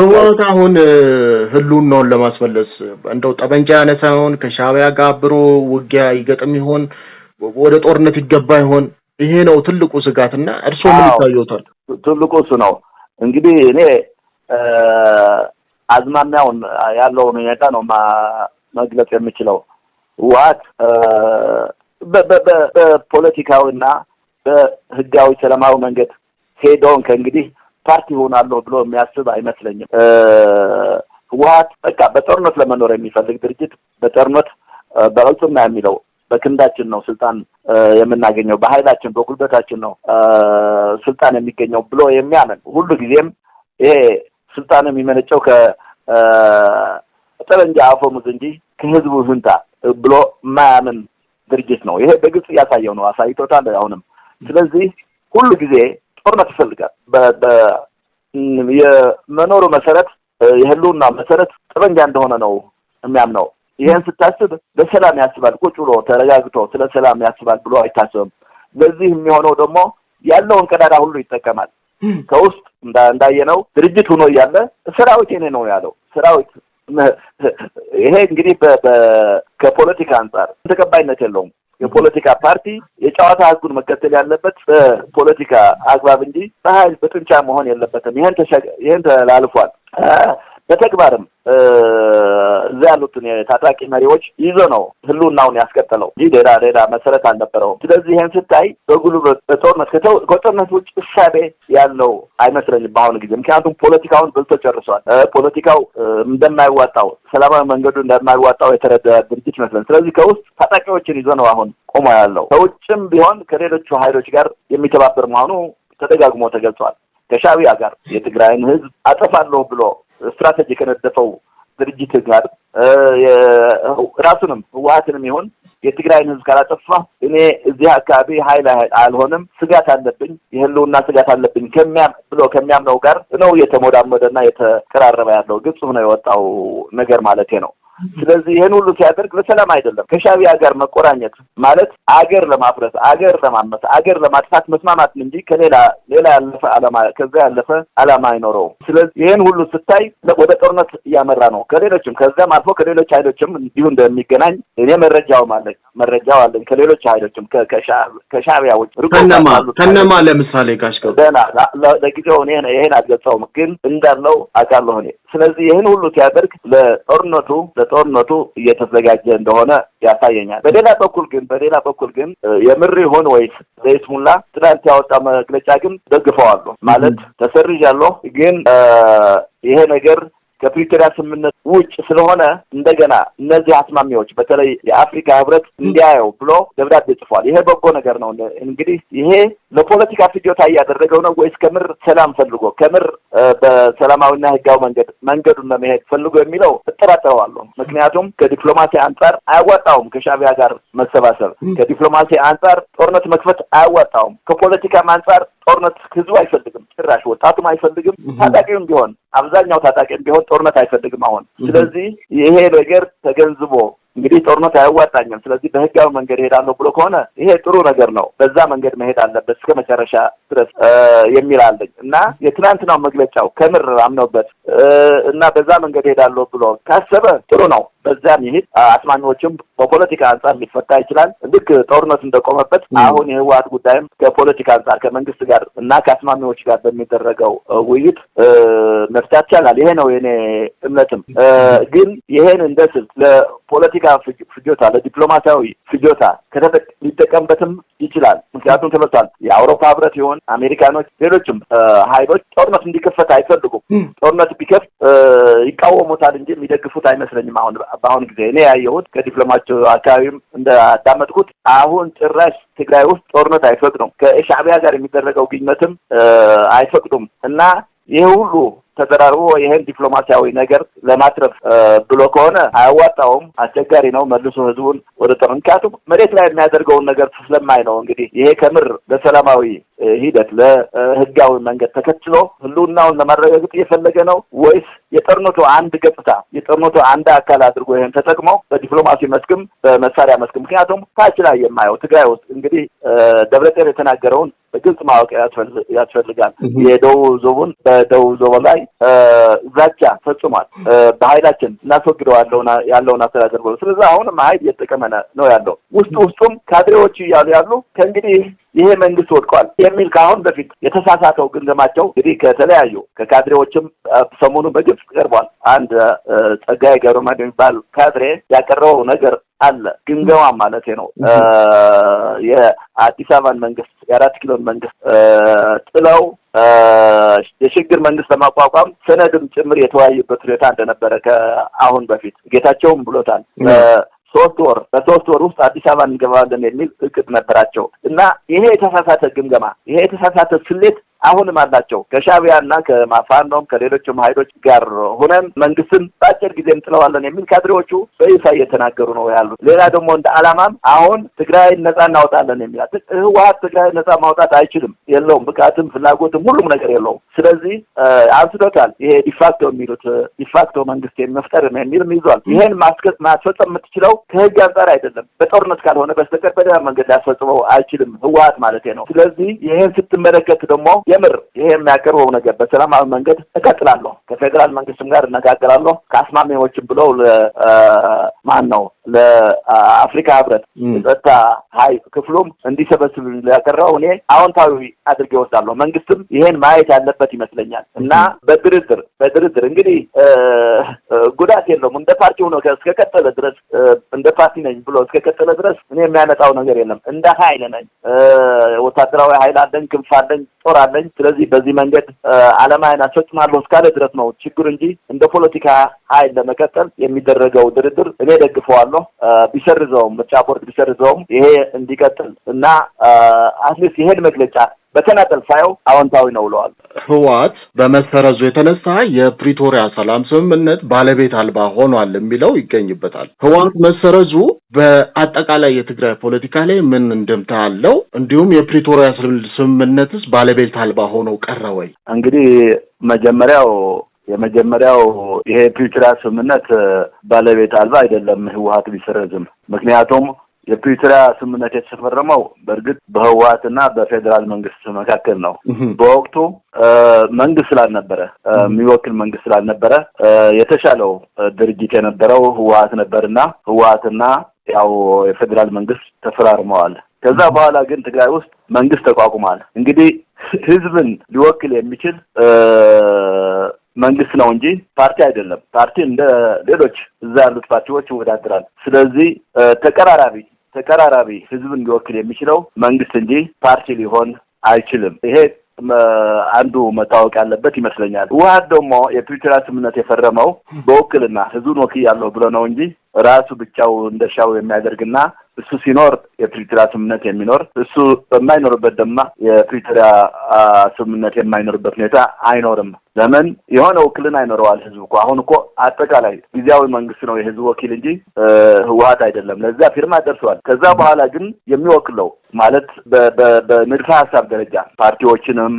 ህወት አሁን ህልውናውን ለማስመለስ እንደው ጠመንጃ ያነሳውን ከሻቢያ ጋር አብሮ ውጊያ ይገጥም ይሆን? ወደ ጦርነት ይገባ ይሆን? ይሄ ነው ትልቁ ስጋት እና እርስዎ ምን ይታየዎታል? ትልቁ እሱ ነው እንግዲህ እኔ አዝማሚያውን ያለውን ሁኔታ ነው መግለጽ የምችለው። ህወሓት በፖለቲካዊና በህጋዊ ሰላማዊ መንገድ ሄደውን ከእንግዲህ ፓርቲ ሆናለሁ ብሎ የሚያስብ አይመስለኝም። ህወሀት በቃ በጦርነት ለመኖር የሚፈልግ ድርጅት በጦርነት በእልጡና የሚለው በክንዳችን ነው ስልጣን የምናገኘው፣ በኃይላችን በጉልበታችን ነው ስልጣን የሚገኘው ብሎ የሚያምን ሁሉ ጊዜም ይሄ ስልጣን የሚመነጨው ከጠመንጃ አፈሙዝ እንጂ ከህዝቡ ህንታ ብሎ የማያምን ድርጅት ነው። ይሄ በግልጽ እያሳየው ነው፣ አሳይቶታል አሁንም። ስለዚህ ሁሉ ጊዜ ጦርነት የመኖሩ መሰረት የህልውና መሰረት ጥበንጃ እንደሆነ ነው የሚያምነው። ይህን ስታስብ በሰላም ያስባል። ቁጭ ብሎ ተረጋግቶ ስለ ሰላም ያስባል ብሎ አይታስብም። ለዚህ የሚሆነው ደግሞ ያለውን ቀዳዳ ሁሉ ይጠቀማል። ከውስጥ እንዳየነው ድርጅት ሆኖ እያለ ሰራዊት የኔ ነው ያለው ሰራዊት ይሄ እንግዲህ ከፖለቲካ አንጻር ተቀባይነት የለውም። የፖለቲካ ፓርቲ የጨዋታ ህጉን መከተል ያለበት በፖለቲካ አግባብ እንጂ በሀይል በጥንቻ መሆን የለበትም። ይህን ይህን ተላልፏል። በተግባርም እዛ ያሉትን ታጣቂ መሪዎች ይዞ ነው ህልውናውን ያስቀጠለው ይህ ሌላ ሌላ መሰረት አልነበረውም። ስለዚህ ይህን ስታይ በጉሉ በጦርነት ከጦርነት ውጭ እሳቤ ያለው አይመስለኝም በአሁኑ ጊዜ። ምክንያቱም ፖለቲካውን በልቶ ጨርሷል። ፖለቲካው እንደማይዋጣው ሰላማዊ መንገዱ እንደማይዋጣው የተረዳ ድርጅት ይመስለን። ስለዚህ ከውስጥ ታጣቂዎችን ይዞ ነው አሁን ቆሞ ያለው። ከውጭም ቢሆን ከሌሎቹ ሀይሎች ጋር የሚተባበር መሆኑ ተደጋግሞ ተገልጿል። ከሻቢያ ጋር የትግራይን ህዝብ አጠፋለሁ ብሎ ስትራቴጂ ከነደፈው ድርጅት ጋር ራሱንም ህወሀትንም ይሁን የትግራይን ህዝብ ካላጠፋ እኔ እዚህ አካባቢ ሀይል አልሆንም፣ ስጋት አለብኝ፣ የህልውና ስጋት አለብኝ ከሚያም ብሎ ከሚያምነው ጋር ነው እየተሞዳመደ እና የተቀራረበ ያለው ግልጽ ነው የወጣው ነገር ማለት ነው። ስለዚህ ይህን ሁሉ ሲያደርግ ለሰላም አይደለም። ከሻቢያ ጋር መቆራኘት ማለት አገር ለማፍረስ፣ አገር ለማመስ፣ አገር ለማጥፋት መስማማት እንጂ ከሌላ ሌላ ያለፈ አላማ ከዛ ያለፈ አላማ አይኖረውም። ስለዚህ ይህን ሁሉ ስታይ ወደ ጦርነት እያመራ ነው። ከሌሎችም ከዛም አልፎ ከሌሎች ኃይሎችም እንዲሁ እንደሚገናኝ እኔ መረጃው አለኝ መረጃው አለኝ ከሌሎች ኃይሎችም ከሻቢያ ውጭ ከነማ ከነማ ለምሳሌ ጋሽ ገቡ ደህና ለጊዜው ይሄን ግን እንዳለው አውቃለሁ እኔ። ስለዚህ ይህን ሁሉ ሲያደርግ ለጦርነቱ ለጦርነቱ እየተዘጋጀ እንደሆነ ያሳየኛል። በሌላ በኩል ግን በሌላ በኩል ግን የምር ይሆን ወይስ ለይስሙላ ትናንት ያወጣ መግለጫ ግን ደግፈዋሉ ማለት ተሰርዣለሁ ግን ይሄ ነገር ከፕሪቶሪያ ስምምነት ውጭ ስለሆነ እንደገና እነዚህ አስማሚዎች በተለይ የአፍሪካ ህብረት እንዲያየው ብሎ ደብዳቤ ጽፏል። ይሄ በጎ ነገር ነው። እንግዲህ ይሄ ለፖለቲካ ፍጆታ እያደረገው ነው ወይስ ከምር ሰላም ፈልጎ ከምር በሰላማዊና ህጋዊ መንገድ መንገዱን ለመሄድ ፈልጎ የሚለው እጠራጠረዋለሁ። ምክንያቱም ከዲፕሎማሲ አንጻር አያዋጣውም ከሻቢያ ጋር መሰባሰብ። ከዲፕሎማሲ አንጻር ጦርነት መክፈት አያዋጣውም። ከፖለቲካም አንጻር ጦርነት ህዝቡ አይፈልግም፣ ጭራሽ ወጣቱም አይፈልግም። ታጣቂውም ቢሆን አብዛኛው ታጣቂም ቢሆን ጦርነት አይፈልግም አሁን። ስለዚህ ይሄ ነገር ተገንዝቦ እንግዲህ ጦርነት አያዋጣኝም፣ ስለዚህ በህጋዊ መንገድ እሄዳለሁ ብሎ ከሆነ ይሄ ጥሩ ነገር ነው። በዛ መንገድ መሄድ አለበት እስከ መጨረሻ ድረስ የሚል አለኝ እና የትናንትናው መግለጫው ከምር አምነውበት እና በዛ መንገድ እሄዳለሁ ብሎ ካሰበ ጥሩ ነው። በዛ መሄድ አስማሚዎችም በፖለቲካ አንጻር ሊፈታ ይችላል። ልክ ጦርነት እንደቆመበት አሁን የህወሀት ጉዳይም ከፖለቲካ አንጻር ከመንግስት ጋር እና ከአስማሚዎች ጋር በሚደረገው ውይይት መፍታት ይቻላል። ይሄ ነው የኔ እምነትም። ግን ይሄን እንደ ስልት ለፖለቲካ ፍጆታ፣ ለዲፕሎማሲያዊ ፍጆታ ሊጠቀምበትም ይችላል። ምክንያቱም ተመልቷል። የአውሮፓ ህብረት ይሆን አሜሪካኖች፣ ሌሎችም ሀይሎች ጦርነት እንዲከፈት አይፈልጉም። ጦርነት ቢከፍት ይቃወሙታል እንጂ የሚደግፉት አይመስለኝም አሁን በአሁኑ ጊዜ እኔ ያየሁት ከዲፕሎማቸው አካባቢም እንዳዳመጥኩት አሁን ጭራሽ ትግራይ ውስጥ ጦርነት አይፈቅዱም። ከሻዕቢያ ጋር የሚደረገው ግኝመትም አይፈቅዱም እና ይሄ ሁሉ ተደራርቦ ይህን ዲፕሎማሲያዊ ነገር ለማትረፍ ብሎ ከሆነ አያዋጣውም። አስቸጋሪ ነው። መልሶ ህዝቡን ወደ ጦር ምክንያቱም መሬት ላይ የሚያደርገውን ነገር ስለማይ ነው። እንግዲህ ይሄ ከምር ለሰላማዊ ሂደት ለህጋዊ መንገድ ተከትሎ ህልውናውን ለማረጋገጥ እየፈለገ ነው ወይስ የጦርነቱ አንድ ገጽታ የጦርነቱ አንድ አካል አድርጎ ይህን ተጠቅሞ በዲፕሎማሲ መስክም በመሳሪያ መስክ ምክንያቱም ታች ላይ የማየው ትግራይ ውስጥ እንግዲህ ደብረጤር የተናገረውን በግልጽ ማወቅ ያስፈልጋል። የደቡብ ዞቡን በደቡብ ዞቡ ላይ ዛቻ ፈጽሟል። በኃይላችን እናስወግደዋለሁ ያለውን አስተዳደር ብሎ ስለዚ አሁንም ኃይል እየተጠቀመ ነው ያለው ውስጥ ውስጡም ካድሬዎቹ እያሉ ያሉ ከእንግዲህ ይሄ መንግስት ወድቋል የሚል ከአሁን በፊት የተሳሳተው ግንዘማቸው እንግዲህ ከተለያዩ ከካድሬዎችም ሰሞኑ በግልጽ ቀርቧል። አንድ ጸጋዬ ገብረመድህን የሚባል ካድሬ ያቀረበው ነገር አለ ግምገማ ማለት ነው። የአዲስ አበባን መንግስት የአራት ኪሎን መንግስት ጥለው የሽግግር መንግስት ለማቋቋም ሰነድም ጭምር የተወያዩበት ሁኔታ እንደነበረ ከአሁን በፊት ጌታቸውም ብሎታል። ሶስት ወር በሶስት ወር ውስጥ አዲስ አበባ እንገባለን የሚል እቅድ ነበራቸው እና ይሄ የተሳሳተ ግምገማ፣ ይሄ የተሳሳተ ስሌት አሁንም አላቸው ከሻቢያና ከማፋኖም ከሌሎችም ሀይሎች ጋር ሆነን መንግስትን በአጭር ጊዜ እንጥለዋለን የሚል ካድሬዎቹ በይፋ እየተናገሩ ነው ያሉት። ሌላ ደግሞ እንደ አላማም አሁን ትግራይ ነጻ እናወጣለን የሚል ህወሀት ትግራይ ነጻ ማውጣት አይችልም፣ የለውም ብቃትም ፍላጎትም ሁሉም ነገር የለውም። ስለዚህ አንስቶታል። ይሄ ዲፋክቶ የሚሉት ዲፋክቶ መንግስት የመፍጠር የሚልም ይዟል። ይሄን ማስፈጸም የምትችለው ከህግ አንጻር አይደለም፣ በጦርነት ካልሆነ በስተቀር በሌላ መንገድ ሊያስፈጽመው አይችልም ህወሀት ማለት ነው። ስለዚህ ይሄን ስትመለከት ደግሞ የምር ይሄ የሚያቀርበው ነገር በሰላማዊ መንገድ እቀጥላለሁ። ከፌዴራል መንግስትም ጋር እነጋገራለሁ። ከአስማሚዎችም ብለው ማን ነው ለአፍሪካ ህብረት የጸጥታ ሀይ ክፍሉም እንዲሰበስብ ያቀረበው እኔ አዎንታዊ አድርጌ ወስዳለሁ። መንግስትም ይሄን ማየት ያለበት ይመስለኛል እና በድርድር በድርድር እንግዲህ ጉዳት የለውም እንደ ፓርቲው ነው እስከቀጠለ ድረስ እንደ ፓርቲ ነኝ ብሎ እስከቀጠለ ድረስ እኔ የሚያመጣው ነገር የለም። እንደ ሀይል ነኝ፣ ወታደራዊ ሀይል አለኝ፣ ክንፍ አለኝ፣ ጦር አለኝ። ስለዚህ በዚህ መንገድ አለማያን አስፈጽማለሁ እስካለ ድረስ ነው ችግር እንጂ እንደ ፖለቲካ ሀይል ለመቀጠል የሚደረገው ድርድር እኔ ደግፈዋል። አምናለሁ። ቢሰርዘውም ምርጫ ቦርድ ቢሰርዘውም ይሄ እንዲቀጥል እና አትሊስት ይሄን መግለጫ በተናጠል ሳየው አዎንታዊ ነው ብለዋል። ህወሓት በመሰረዙ የተነሳ የፕሪቶሪያ ሰላም ስምምነት ባለቤት አልባ ሆኗል የሚለው ይገኝበታል። ህወሓት መሰረዙ በአጠቃላይ የትግራይ ፖለቲካ ላይ ምን እንድምታ አለው? እንዲሁም የፕሪቶሪያ ስምምነትስ ባለቤት አልባ ሆኖ ቀረ ወይ? እንግዲህ መጀመሪያው የመጀመሪያው ይሄ ፕሪቶሪያ ስምምነት ባለቤት አልባ አይደለም ህወሀት ቢሰረዝም። ምክንያቱም የፕሪቶሪያ ስምምነት የተፈረመው በእርግጥ በህወሀትና በፌዴራል መንግስት መካከል ነው። በወቅቱ መንግስት ስላልነበረ የሚወክል መንግስት ስላልነበረ የተሻለው ድርጅት የነበረው ህወሀት ነበርና ህወሀትና ያው የፌዴራል መንግስት ተፈራርመዋል። ከዛ በኋላ ግን ትግራይ ውስጥ መንግስት ተቋቁሟል። እንግዲህ ህዝብን ሊወክል የሚችል መንግስት ነው እንጂ ፓርቲ አይደለም። ፓርቲ እንደ ሌሎች እዛ ያሉት ፓርቲዎች ይወዳደራል። ስለዚህ ተቀራራቢ ተቀራራቢ ህዝብን ሊወክል የሚችለው መንግስት እንጂ ፓርቲ ሊሆን አይችልም። ይሄ አንዱ መታወቅ ያለበት ይመስለኛል። ውሀት ደግሞ የፕሪቶሪያ ስምምነት የፈረመው በውክልና ህዝቡን ወክያለሁ ብሎ ነው እንጂ ራሱ ብቻው እንደሻው የሚያደርግና እሱ ሲኖር የፕሪቶሪያ ስምምነት የሚኖር እሱ በማይኖርበት ደማ የፕሪቶሪያ ስምምነት የማይኖርበት ሁኔታ አይኖርም። ለምን የሆነ ውክልን አይኖረዋል ህዝብ እኮ አሁን እኮ አጠቃላይ ጊዜያዊ መንግስት ነው የህዝብ ወኪል እንጂ ህወሀት አይደለም። ለዛ ፊርማ ደርሰዋል። ከዛ በኋላ ግን የሚወክለው ማለት በንድፈ ሀሳብ ደረጃ ፓርቲዎችንም፣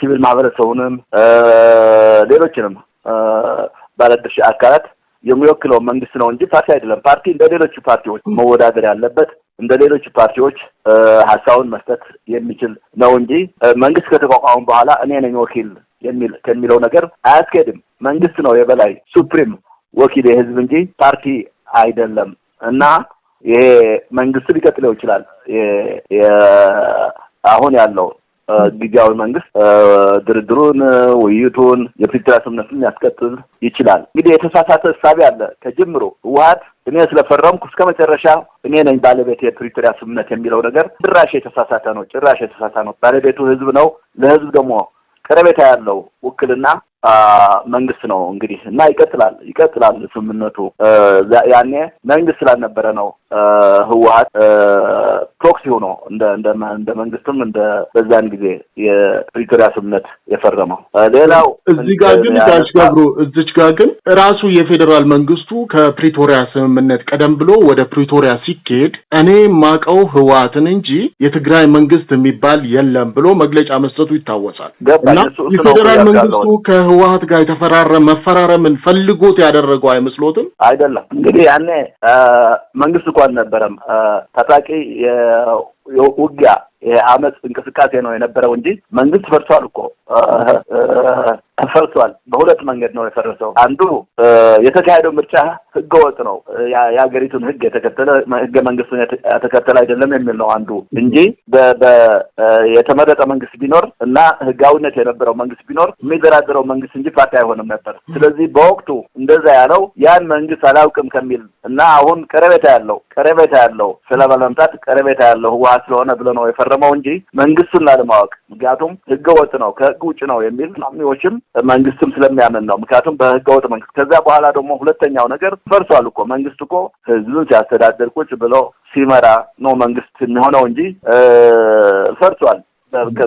ሲቪል ማህበረሰቡንም፣ ሌሎችንም ባለድርሻ አካላት የሚወክለው መንግስት ነው እንጂ ፓርቲ አይደለም። ፓርቲ እንደ ሌሎቹ ፓርቲዎች መወዳደር ያለበት እንደ ሌሎቹ ፓርቲዎች ሀሳቡን መስጠት የሚችል ነው እንጂ መንግስት ከተቋቋሙ በኋላ እኔ ነኝ ወኪል የሚል ከሚለው ነገር አያስኬድም። መንግስት ነው የበላይ ሱፕሪም ወኪል የህዝብ እንጂ ፓርቲ አይደለም እና ይሄ መንግስት ሊቀጥለው ይችላል አሁን ያለው ጊዜያዊ መንግስት ድርድሩን፣ ውይይቱን፣ የፕሪቶሪያ ስምምነቱን ሊያስቀጥል ይችላል። እንግዲህ የተሳሳተ እሳቤ አለ ከጀምሮ ህወሀት እኔ ስለፈረምኩ እስከ መጨረሻ እኔ ነኝ ባለቤት የፕሪቶሪያ ስምምነት የሚለው ነገር ጭራሽ የተሳሳተ ነው። ጭራሽ የተሳሳተ ነው። ባለቤቱ ህዝብ ነው። ለህዝብ ደግሞ ቀረቤታ ያለው ውክልና መንግስት ነው እንግዲህ እና ይቀጥላል ይቀጥላል ስምምነቱ። ያኔ መንግስት ስላልነበረ ነው ህወሀት ፕሮክሲ ሆኖ እንደ መንግስትም እንደ በዛን ጊዜ የፕሪቶሪያ ስምምነት የፈረመው። ሌላው እዚህ ጋር ግን ጋሽ ገብሩ እዚች ጋር ግን ራሱ የፌዴራል መንግስቱ ከፕሪቶሪያ ስምምነት ቀደም ብሎ ወደ ፕሪቶሪያ ሲካሄድ እኔ ማቀው ህወሀትን እንጂ የትግራይ መንግስት የሚባል የለም ብሎ መግለጫ መስጠቱ ይታወሳል እና የፌዴራል መንግስቱ ከህወሀት ጋር የተፈራረ መፈራረምን ፈልጎት ያደረገው አይመስሎትም? አይደለም እንግዲህ ያኔ መንግስት እኮ አልነበረም ታጣቂ ውጊያ የአመፅ እንቅስቃሴ ነው የነበረው እንጂ መንግስት ፈርሷል እኮ ፈርሷል። በሁለት መንገድ ነው የፈረሰው። አንዱ የተካሄደው ምርጫ ህገወጥ ነው፣ የሀገሪቱን ህግ የተከተለ ህገ መንግስቱን የተከተለ አይደለም የሚል ነው አንዱ እንጂ የተመረጠ መንግስት ቢኖር እና ህጋዊነት የነበረው መንግስት ቢኖር የሚደራደረው መንግስት እንጂ ፓርቲ አይሆንም ነበር። ስለዚህ በወቅቱ እንደዛ ያለው ያን መንግስት አላውቅም ከሚል እና አሁን ቀረቤታ ያለው ቀረቤታ ያለው ስለመምጣት ቀረቤታ ያለው ህወሀት ስለሆነ ብሎ ነው የፈረመው እንጂ መንግስቱን ላለማወቅ ምክንያቱም ህገወጥ ነው ከህግ ውጭ ነው የሚል ዎችም መንግስትም ስለሚያምን ነው። ምክንያቱም በህገወጥ መንግስት ከዛ በኋላ ደግሞ ሁለተኛው ነገር ፈርሷል እኮ መንግስት እኮ ህዝብን ሲያስተዳደር ቁጭ ብሎ ሲመራ ነው መንግስት የሚሆነው እንጂ ፈርሷል።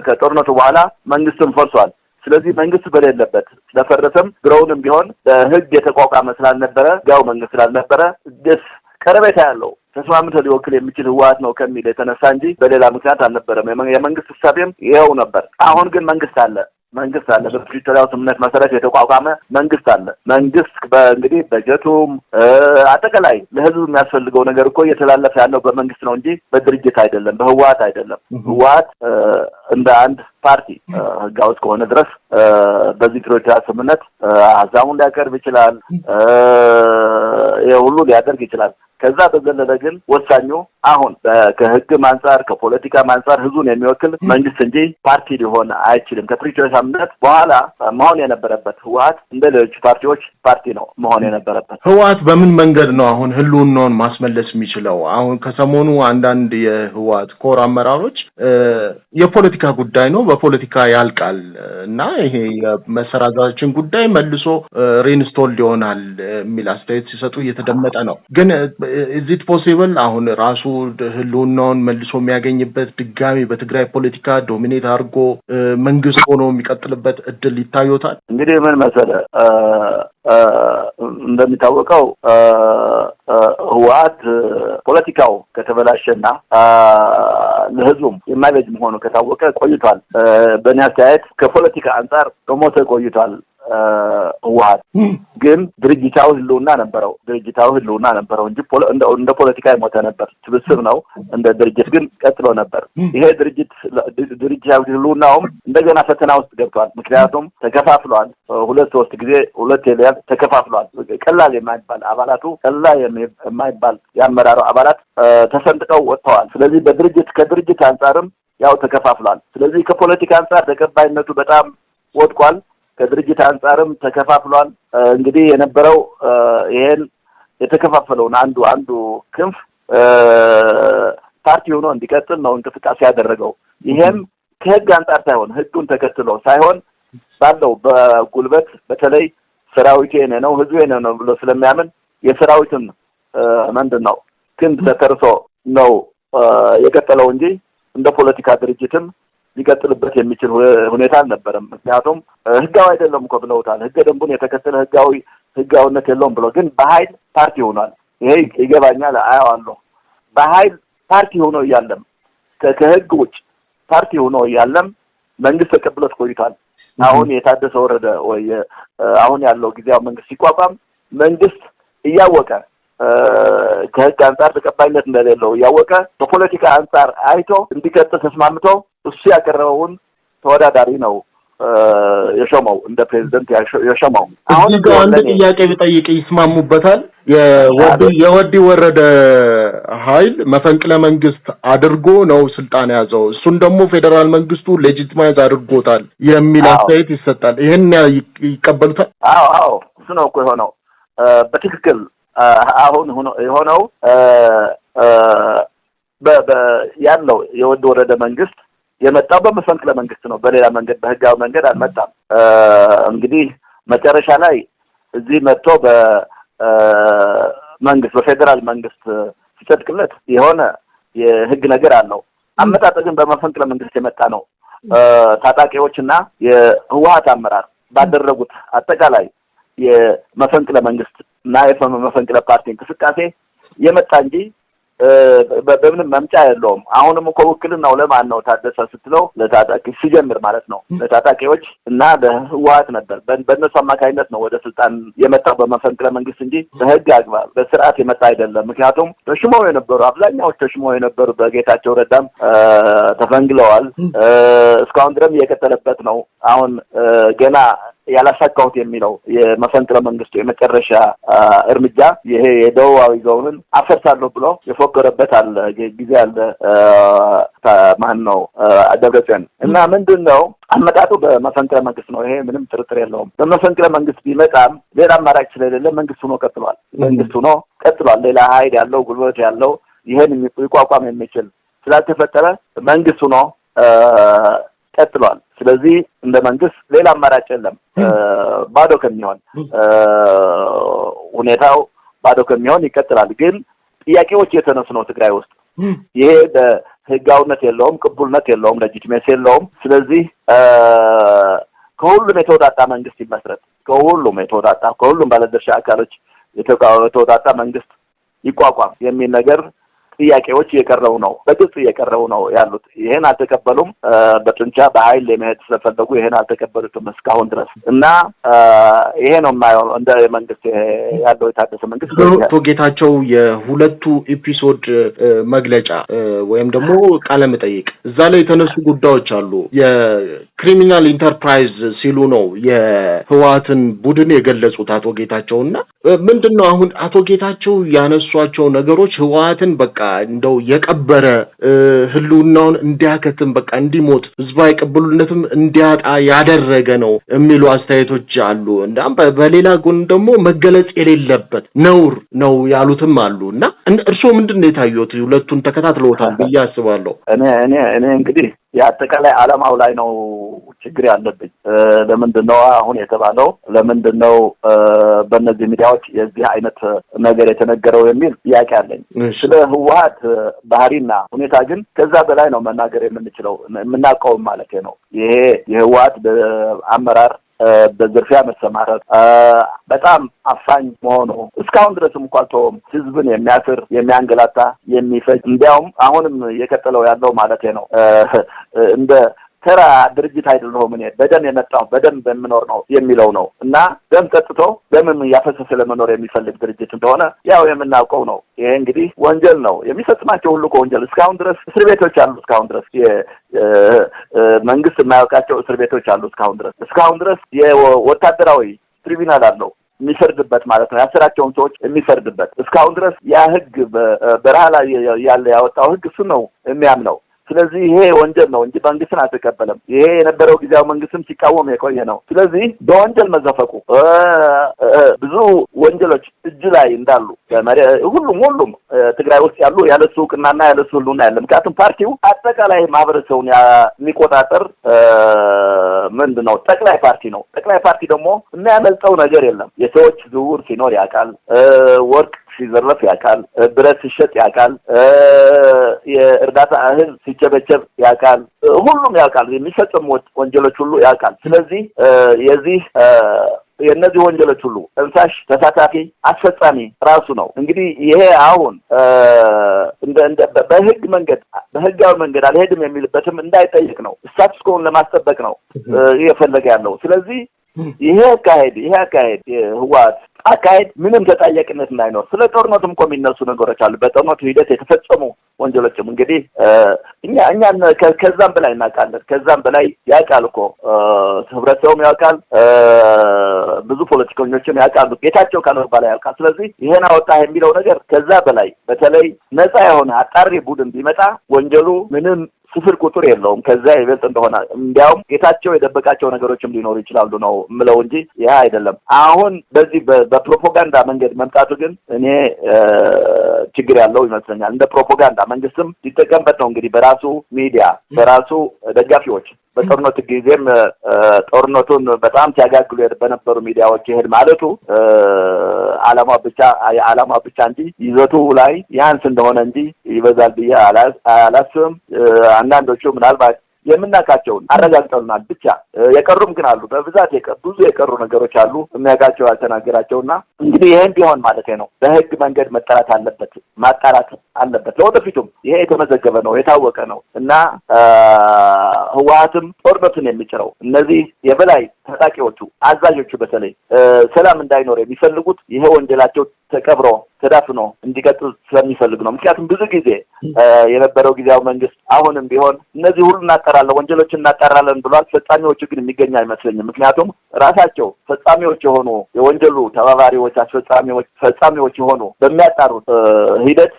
ከጦርነቱ በኋላ መንግስትም ፈርሷል። ስለዚህ መንግስት በሌለበት ስለፈረሰም ድሮውንም ቢሆን በህግ የተቋቋመ ስላልነበረ ያው መንግስት ስላልነበረ ደስ ቀረቤታ ያለው ተስማምተ ሊወክል የሚችል ህወሀት ነው ከሚል የተነሳ እንጂ በሌላ ምክንያት አልነበረም። የመንግስት እሳቤም ይኸው ነበር። አሁን ግን መንግስት አለ። መንግስት አለ። በፕሪቶሪያው ስምምነት መሰረት የተቋቋመ መንግስት አለ። መንግስት በእንግዲህ በጀቱም አጠቃላይ ለህዝብ የሚያስፈልገው ነገር እኮ እየተላለፈ ያለው በመንግስት ነው እንጂ በድርጅት አይደለም፣ በህወሀት አይደለም። ህወሀት እንደ አንድ ፓርቲ ህጋዊ እስከሆነ ድረስ በዚህ ፕሪቶሪያ ስምምነት አዛሙን ሊያቀርብ ይችላል። ሁሉ ሊያደርግ ይችላል። ከዛ በዘለለ ግን ወሳኙ አሁን ከህግም አንጻር ከፖለቲካም አንጻር ህዝቡን የሚወክል መንግስት እንጂ ፓርቲ ሊሆን አይችልም። ከፕሪቶሪያ ስምምነት በኋላ መሆን የነበረበት ህወሀት እንደ ሌሎች ፓርቲዎች ፓርቲ ነው መሆን የነበረበት። ህወሀት በምን መንገድ ነው አሁን ህልውናውን ማስመለስ የሚችለው? አሁን ከሰሞኑ አንዳንድ የህወሀት ኮር አመራሮች የፖለቲካ ጉዳይ ነው በፖለቲካ ያልቃል እና ይሄ የመሰራዛችን ጉዳይ መልሶ ሪንስቶል ይሆናል የሚል አስተያየት ሲሰጡ እየተደመጠ ነው ግን ኢዚት ፖሲብል አሁን ራሱ ህልውናውን መልሶ የሚያገኝበት ድጋሚ በትግራይ ፖለቲካ ዶሚኔት አድርጎ መንግስት ሆኖ የሚቀጥልበት እድል ይታዩታል። እንግዲህ ምን መሰለ እንደሚታወቀው ህወሀት ፖለቲካው ከተበላሸና ለህዝቡም የማይበጅ መሆኑ ከታወቀ ቆይቷል። በእኔ አስተያየት ከፖለቲካ አንጻር ሞተ ቆይቷል። ህወሀት ግን ድርጅታዊ ህልውና ነበረው። ድርጅታዊ ህልውና ነበረው እንጂ እንደ ፖለቲካ የሞተ ነበር። ስብስብ ነው። እንደ ድርጅት ግን ቀጥሎ ነበር። ይሄ ድርጅት ድርጅታዊ ህልውናውም እንደገና ፈተና ውስጥ ገብቷል። ምክንያቱም ተከፋፍሏል። ሁለት ሶስት ጊዜ ሁለት ሄልያል ተከፋፍሏል። ቀላል የማይባል አባላቱ ቀላል የማይባል የአመራሩ አባላት ተሰንጥቀው ወጥተዋል። ስለዚህ በድርጅት ከድርጅት አንጻርም ያው ተከፋፍሏል። ስለዚህ ከፖለቲካ አንጻር ተቀባይነቱ በጣም ወድቋል። ከድርጅት አንጻርም ተከፋፍሏል። እንግዲህ የነበረው ይሄን የተከፋፈለውን አንዱ አንዱ ክንፍ ፓርቲ ሆኖ እንዲቀጥል ነው እንቅስቃሴ ያደረገው። ይሄም ከህግ አንጻር ሳይሆን ህጉን ተከትሎ ሳይሆን ባለው በጉልበት በተለይ ሰራዊቱ የኔ ነው ህዝቡ የኔ ነው ብሎ ስለሚያምን የሰራዊትን ምንድን ነው ክንድ ተተርሶ ነው የቀጠለው እንጂ እንደ ፖለቲካ ድርጅትም ሊቀጥልበት የሚችል ሁኔታ አልነበረም። ምክንያቱም ህጋዊ አይደለም እኮ ብለውታል። ህገ ደንቡን የተከተለ ህጋዊ ህጋዊነት የለውም ብሎ ግን በሀይል ፓርቲ ሆኗል። ይሄ ይገባኛል፣ አየዋለሁ። በሀይል ፓርቲ ሆኖ እያለም ከህግ ውጭ ፓርቲ ሆኖ እያለም መንግስት ተቀብሎት ቆይቷል። አሁን የታደሰ ወረደ ወይ አሁን ያለው ጊዜያዊ መንግስት ሲቋቋም መንግስት እያወቀ ከህግ አንጻር ተቀባይነት እንደሌለው እያወቀ በፖለቲካ አንጻር አይቶ እንዲቀጥል ተስማምቶ እሱ ያቀረበውን ተወዳዳሪ ነው የሸመው እንደ ፕሬዚደንት የሸመው አሁን አንድ ጥያቄ ቢጠይቅ ይስማሙበታል? የወዲ ወረደ ኃይል መፈንቅለ መንግስት አድርጎ ነው ስልጣን ያዘው። እሱን ደግሞ ፌዴራል መንግስቱ ሌጂቲማይዝ አድርጎታል የሚል አስተያየት ይሰጣል። ይህን ይቀበሉታል? አዎ አዎ፣ እሱ ነው እኮ የሆነው በትክክል አሁን የሆነው ያለው የወዲ ወረደ መንግስት የመጣው በመፈንቅለ መንግስት ነው። በሌላ መንገድ በህጋዊ መንገድ አልመጣም። እንግዲህ መጨረሻ ላይ እዚህ መጥቶ በመንግስት በፌዴራል መንግስት ሲጸድቅለት የሆነ የህግ ነገር አለው። አመጣጥ ግን በመፈንቅለ መንግስት የመጣ ነው። ታጣቂዎች እና የህወሀት አመራር ባደረጉት አጠቃላይ የመፈንቅለ መንግስት እና የመፈንቅለ ፓርቲ እንቅስቃሴ የመጣ እንጂ በምንም መምጫ የለውም። አሁንም እኮ ውክልናው ለማን ነው ታደሰ ስትለው ለታጣቂ ሲጀምር ማለት ነው ለታጣቂዎች እና ለህወሀት ነበር። በእነሱ አማካኝነት ነው ወደ ስልጣን የመጣው በመፈንቅለ መንግስት እንጂ በህግ አግባብ በስርዓት የመጣ አይደለም። ምክንያቱም ተሽመው የነበሩ አብዛኛዎች ተሽመው የነበሩ በጌታቸው ረዳም ተፈንግለዋል። እስካሁን ድረም እየቀጠለበት ነው። አሁን ገና ያላሳካሁት የሚለው የመፈንቅለ መንግስቱ የመጨረሻ እርምጃ ይሄ የደቡባዊ ዞንን አፈርሳለሁ ብሎ የፎከረበት አለ ጊዜ አለ ማን ነው ደብረጽዮን እና ምንድን ነው አመጣጡ በመፈንቅለ መንግስት ነው። ይሄ ምንም ጥርጥር የለውም። በመፈንቅለ መንግስት ቢመጣም ሌላ አማራጭ ስለሌለ መንግስት ሆኖ ቀጥሏል። መንግስት ሆኖ ቀጥሏል። ሌላ ሀይል ያለው ጉልበት ያለው ይህን ሊቋቋም የሚችል ስላልተፈጠረ መንግስት ሆኖ ቀጥሏል። ስለዚህ እንደ መንግስት ሌላ አማራጭ የለም ባዶ ከሚሆን ሁኔታው ባዶ ከሚሆን ይቀጥላል። ግን ጥያቄዎች የተነሱ ነው ትግራይ ውስጥ ይሄ ህጋውነት የለውም፣ ቅቡልነት የለውም፣ ለጂትሜስ የለውም። ስለዚህ ከሁሉም የተወጣጣ መንግስት ይመስረት፣ ከሁሉም የተወጣጣ ከሁሉም ባለድርሻ አካሎች የተወጣጣ መንግስት ይቋቋም የሚል ነገር ጥያቄዎች እየቀረቡ ነው፣ በግልጽ እየቀረቡ ነው ያሉት። ይሄን አልተቀበሉም። በጡንቻ በኃይል የመሄድ ስለፈለጉ ይሄን አልተቀበሉትም እስካሁን ድረስ እና ይሄ ነው የማየው እንደ መንግስት ያለው የታደሰ መንግስት። አቶ ጌታቸው የሁለቱ ኤፒሶድ መግለጫ ወይም ደግሞ ቃለ መጠይቅ እዛ ላይ የተነሱ ጉዳዮች አሉ። የክሪሚናል ኢንተርፕራይዝ ሲሉ ነው የህወሓትን ቡድን የገለጹት አቶ ጌታቸው እና ምንድን ነው አሁን አቶ ጌታቸው ያነሷቸው ነገሮች ህወሓትን በቃ እንደው የቀበረ ህልውናውን እንዲያከትም በቃ እንዲሞት ህዝባዊ ቅቡልነትም እንዲያጣ ያደረገ ነው የሚሉ አስተያየቶች አሉ። እንዳም በሌላ ጎን ደግሞ መገለጽ የሌለበት ነውር ነው ያሉትም አሉ እና እርስዎ ምንድን ነው የታዩት? ሁለቱን ተከታትለውታል ብዬ አስባለሁ። እኔ እኔ እኔ እንግዲህ የአጠቃላይ አላማው ላይ ነው ችግር ያለብኝ። ለምንድን ነው አሁን የተባለው? ለምንድን ነው በእነዚህ ሚዲያዎች የዚህ አይነት ነገር የተነገረው የሚል ጥያቄ አለኝ። ስለ ህወሀት ባህሪና ሁኔታ ግን ከዛ በላይ ነው መናገር የምንችለው የምናውቀውም ማለት ነው። ይሄ የህወሀት አመራር በዝርፊያ መሰማረት በጣም አፋኝ መሆኑ እስካሁን ድረስ እንኳ አልተወም። ህዝብን የሚያስር የሚያንገላታ፣ የሚፈጅ እንዲያውም አሁንም የቀጠለው ያለው ማለት ነው እንደ ተራ ድርጅት አይደለሁም እኔ በደም የመጣው በደም በምኖር ነው የሚለው ነው እና ደም ጠጥቶ ደምም ያፈሰሰ ለመኖር የሚፈልግ ድርጅት እንደሆነ ያው የምናውቀው ነው። ይሄ እንግዲህ ወንጀል ነው የሚፈጽማቸው ሁሉ ከወንጀል እስካሁን ድረስ እስር ቤቶች አሉ። እስካሁን ድረስ መንግስት የማያውቃቸው እስር ቤቶች አሉ። እስካሁን ድረስ እስካሁን ድረስ የወታደራዊ ትሪቢናል አለው የሚፈርድበት ማለት ነው። ያሰራቸውን ሰዎች የሚፈርድበት እስካሁን ድረስ ያ ህግ በረሃ ላይ ያለ ያወጣው ህግ እሱ ነው የሚያምነው። ስለዚህ ይሄ ወንጀል ነው እንጂ መንግስትን አልተቀበለም። ይሄ የነበረው ጊዜያዊ መንግስትም ሲቃወም የቆየ ነው። ስለዚህ በወንጀል መዘፈቁ ብዙ ወንጀሎች እጅ ላይ እንዳሉ ሁሉም ሁሉም ትግራይ ውስጥ ያሉ ያለሱ እውቅናና ያለሱ ህሉና ያለ ምክንያቱም ፓርቲው አጠቃላይ ማህበረሰቡን የሚቆጣጠር ምንድን ነው ጠቅላይ ፓርቲ ነው። ጠቅላይ ፓርቲ ደግሞ የሚያመልጠው ነገር የለም። የሰዎች ዝውውር ሲኖር ያውቃል። ወርቅ ሲዘረፍ ያውቃል። ብረት ሲሸጥ ያውቃል። የእርዳታ እህል ሲጨበጨብ ያውቃል። ሁሉም ያውቃል። የሚፈጽም ወንጀሎች ሁሉ ያውቃል። ስለዚህ የዚህ የእነዚህ ወንጀሎች ሁሉ እንሳሽ ተሳታፊ አስፈጻሚ ራሱ ነው። እንግዲህ ይሄ አሁን በህግ መንገድ በህጋዊ መንገድ አልሄድም የሚልበትም እንዳይጠየቅ ነው። ስታትስ ለማስጠበቅ ነው እየፈለገ ያለው። ስለዚህ ይሄ አካሄድ ይሄ አካሄድ ህወሓት አካሄድ ምንም ተጠያቂነት እንዳይኖር ስለ ጦርነቱም እኮ የሚነሱ ነገሮች አሉ። በጦርነቱ ሂደት የተፈጸሙ ወንጀሎችም እንግዲህ እኛ እኛን ከዛም በላይ እናውቃለን። ከዛም በላይ ያውቃል እኮ ህብረተሰቡም ያውቃል፣ ብዙ ፖለቲከኞችም ያውቃሉ፣ ጌታቸው ካለ በላይ ያውቃል። ስለዚህ ይሄን አወጣ የሚለው ነገር ከዛ በላይ በተለይ ነፃ የሆነ አጣሪ ቡድን ቢመጣ ወንጀሉ ምንም ስፍር ቁጥር የለውም። ከዛ ይበልጥ እንደሆነ እንዲያውም ጌታቸው የደበቃቸው ነገሮችም ሊኖሩ ይችላሉ ነው ምለው እንጂ ያ አይደለም። አሁን በዚህ በፕሮፓጋንዳ መንገድ መምጣቱ ግን እኔ ችግር ያለው ይመስለኛል። እንደ ፕሮፓጋንዳ መንግስትም ሊጠቀምበት ነው እንግዲህ በራሱ ሚዲያ በራሱ ደጋፊዎች በጦርነቱ ጊዜም ጦርነቱን በጣም ሲያጋግሉ በነበሩ ሚዲያዎች ይሄድ ማለቱ አላማ ብቻ የአላማ ብቻ እንጂ ይዘቱ ላይ ያንስ እንደሆነ እንጂ ይበዛል ብዬ አላስብም። አንዳንዶቹ ምናልባት የምናውቃቸውን አረጋግጠውናል። ብቻ የቀሩም ግን አሉ፣ በብዛት ብዙ የቀሩ ነገሮች አሉ የሚያውቃቸው ያልተናገራቸውና እንግዲህ ይህም ቢሆን ማለት ነው በህግ መንገድ መጠራት አለበት ማጣራት አለበት። ለወደፊቱም ይሄ የተመዘገበ ነው የታወቀ ነው እና ህወሀትም ጦርነቱን የሚጭረው እነዚህ የበላይ ታጣቂዎቹ አዛዦቹ በተለይ ሰላም እንዳይኖር የሚፈልጉት ይሄ ወንጀላቸው ተቀብሮ ተዳፍኖ እንዲቀጥል ስለሚፈልግ ነው። ምክንያቱም ብዙ ጊዜ የነበረው ጊዜያዊ መንግስት አሁንም ቢሆን እነዚህ ሁሉ እናጠራለን፣ ወንጀሎች እናጠራለን ብሏል። ፈጻሚዎቹ ግን የሚገኝ አይመስለኝም። ምክንያቱም ራሳቸው ፈጻሚዎች የሆኑ የወንጀሉ ተባባሪዎች፣ አስፈጻሚዎች፣ ፈጻሚዎች የሆኑ በሚያጣሩት ሂደት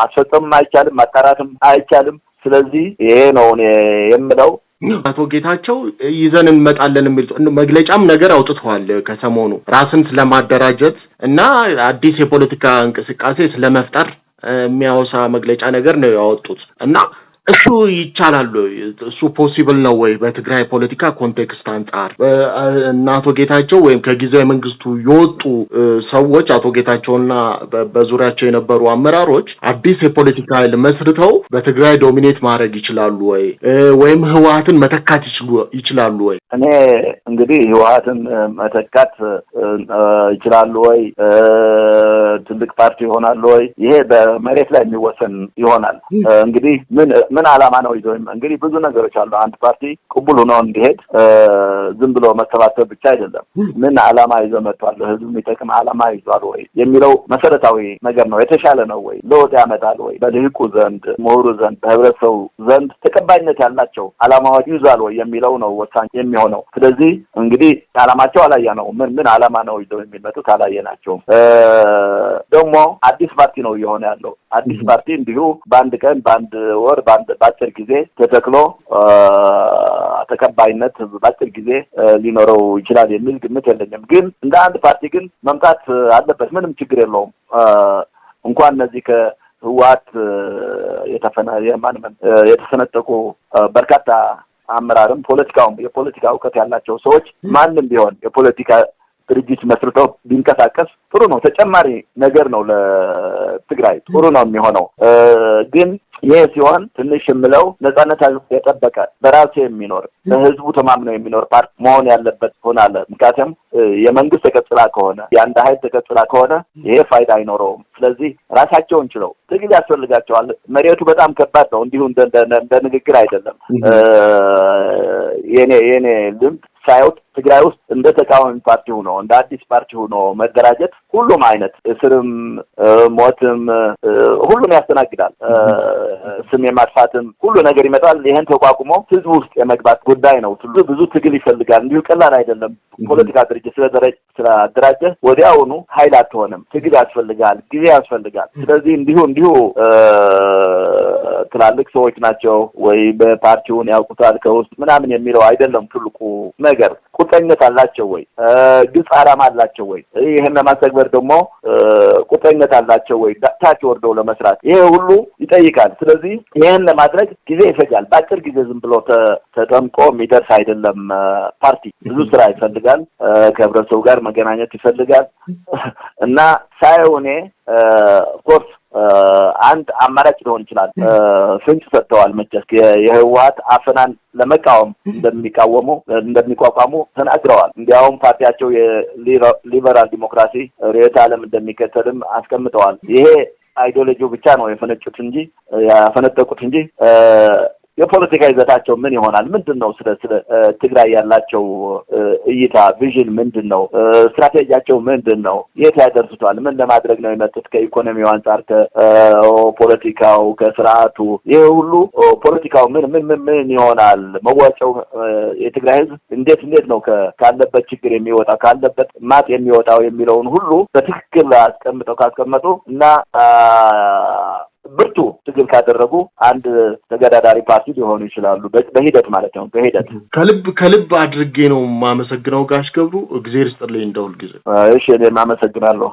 ማስፈጸምም አይቻልም፣ ማጣራትም አይቻልም። ስለዚህ ይሄ ነው እኔ የምለው። አቶ ጌታቸው ይዘን እንመጣለን የሚል መግለጫም ነገር አውጥተዋል። ከሰሞኑ ራስን ስለማደራጀት እና አዲስ የፖለቲካ እንቅስቃሴ ስለመፍጠር የሚያወሳ መግለጫ ነገር ነው ያወጡት እና እሱ ይቻላሉ? እሱ ፖሲብል ነው ወይ? በትግራይ ፖለቲካ ኮንቴክስት አንጻር እና አቶ ጌታቸው ወይም ከጊዜያዊ መንግስቱ የወጡ ሰዎች አቶ ጌታቸውና በዙሪያቸው የነበሩ አመራሮች አዲስ የፖለቲካ ኃይል መስርተው በትግራይ ዶሚኔት ማድረግ ይችላሉ ወይ? ወይም ህወሀትን መተካት ይችላሉ ወይ? እኔ እንግዲህ ህወሀትን መተካት ይችላሉ ወይ? ትልቅ ፓርቲ ይሆናሉ ወይ? ይሄ በመሬት ላይ የሚወሰን ይሆናል እንግዲህ ምን ምን ዓላማ ነው ይዞ እንግዲህ ብዙ ነገሮች አሉ። አንድ ፓርቲ ቅቡል ሆኖ እንዲሄድ ዝም ብሎ መሰባሰብ ብቻ አይደለም። ምን ዓላማ ይዞ መጥቷል? ህዝብ የሚጠቅም ዓላማ ይዟል ወይ የሚለው መሰረታዊ ነገር ነው። የተሻለ ነው ወይ ለውጥ ያመጣል ወይ በልህቁ ዘንድ ምሁሩ ዘንድ በህብረተሰቡ ዘንድ ተቀባይነት ያላቸው ዓላማዎች ይዟል ወይ የሚለው ነው ወሳኝ የሚሆነው። ስለዚህ እንግዲህ ዓላማቸው አላያ ነው። ምን ምን ዓላማ ነው ይዘው የሚመጡት አላየ ናቸውም። ደግሞ አዲስ ፓርቲ ነው እየሆነ ያለው። አዲስ ፓርቲ እንዲሁ በአንድ ቀን በአንድ ወር በአጭር ጊዜ ተተክሎ ተቀባይነት በአጭር ጊዜ ሊኖረው ይችላል የሚል ግምት የለኝም። ግን እንደ አንድ ፓርቲ ግን መምጣት አለበት። ምንም ችግር የለውም። እንኳን እነዚህ ከህወሀት የተሰነጠቁ በርካታ አመራርም ፖለቲካውም የፖለቲካ እውቀት ያላቸው ሰዎች ማንም ቢሆን የፖለቲካ ድርጅት መስርተው ቢንቀሳቀስ ጥሩ ነው። ተጨማሪ ነገር ነው ለትግራይ ጥሩ ነው የሚሆነው ግን ይህ ሲሆን ትንሽ የምለው ነጻነት የጠበቀ በራሴ የሚኖር በህዝቡ ተማምኖ የሚኖር ፓርቲ መሆን ያለበት ሆናለ። ምክንያቱም የመንግስት ተቀጽላ ከሆነ የአንድ ሀይል ተቀጽላ ከሆነ ይሄ ፋይዳ አይኖረውም። ስለዚህ ራሳቸውን ችለው ትግል ያስፈልጋቸዋል። መሬቱ በጣም ከባድ ነው። እንዲሁ እንደ ንግግር አይደለም። የኔ የኔ ልምድ ሳይውት ትግራይ ውስጥ እንደ ተቃዋሚ ፓርቲ ሆኖ እንደ አዲስ ፓርቲ ሆኖ መደራጀት ሁሉም አይነት እስርም፣ ሞትም ሁሉም ያስተናግዳል። ስም የማጥፋትም ሁሉ ነገር ይመጣል። ይህን ተቋቁሞ ህዝብ ውስጥ የመግባት ጉዳይ ነው። ብዙ ትግል ይፈልጋል። እንዲሁ ቀላል አይደለም። ፖለቲካ ድርጅት ስለአደራጀ ወዲያውኑ ኃይል አትሆንም። ትግል ያስፈልጋል፣ ጊዜ ያስፈልጋል። ስለዚህ እንዲሁ እንዲሁ ትላልቅ ሰዎች ናቸው ወይ በፓርቲውን ያውቁታል ከውስጥ ምናምን የሚለው አይደለም ትልቁ ነገር ቁርጠኝነት አላቸው ወይ? ግልጽ አላማ አላቸው ወይ? ይህን ለማስተግበር ደግሞ ቁርጠኝነት አላቸው ወይ? ታች ወርደው ለመስራት ይሄ ሁሉ ይጠይቃል። ስለዚህ ይህን ለማድረግ ጊዜ ይፈጃል። በአጭር ጊዜ ዝም ብሎ ተጠምቆ የሚደርስ አይደለም። ፓርቲ ብዙ ስራ ይፈልጋል። ከህብረተሰቡ ጋር መገናኘት ይፈልጋል እና ሳየው እኔ ኮርስ አንድ አማራጭ ሊሆን ይችላል። ፍንጭ ሰጥተዋል። መቼስ የህወሀት አፈናን ለመቃወም እንደሚቃወሙ እንደሚቋቋሙ ተናግረዋል። እንዲያውም ፓርቲያቸው የሊበራል ዲሞክራሲ ርዕዮተ ዓለም እንደሚከተልም አስቀምጠዋል። ይሄ አይዲዮሎጂው ብቻ ነው የፈነጩት እንጂ ያፈነጠቁት እንጂ የፖለቲካ ይዘታቸው ምን ይሆናል? ምንድን ነው ስለ ስለ ትግራይ ያላቸው እይታ ቪዥን ምንድን ነው? ስትራቴጂያቸው ምንድን ነው? የት ያደርሱታል? ምን ለማድረግ ነው የመጡት? ከኢኮኖሚው አንጻር፣ ከፖለቲካው፣ ከስርዓቱ ይህ ሁሉ ፖለቲካው ምን ምን ምን ምን ይሆናል? መዋጫው የትግራይ ህዝብ እንዴት እንዴት ነው ካለበት ችግር የሚወጣው ካለበት ማጥ የሚወጣው የሚለውን ሁሉ በትክክል አስቀምጠው ካስቀመጡ እና ብርቱ ትግል ካደረጉ አንድ ተገዳዳሪ ፓርቲ ሊሆኑ ይችላሉ። በሂደት ማለት ነው። በሂደት ከልብ ከልብ አድርጌ ነው የማመሰግነው ጋሽ ገብሩ። እግዜር ስጥልኝ እንደሁል ጊዜ። እሺ እኔም አመሰግናለሁ።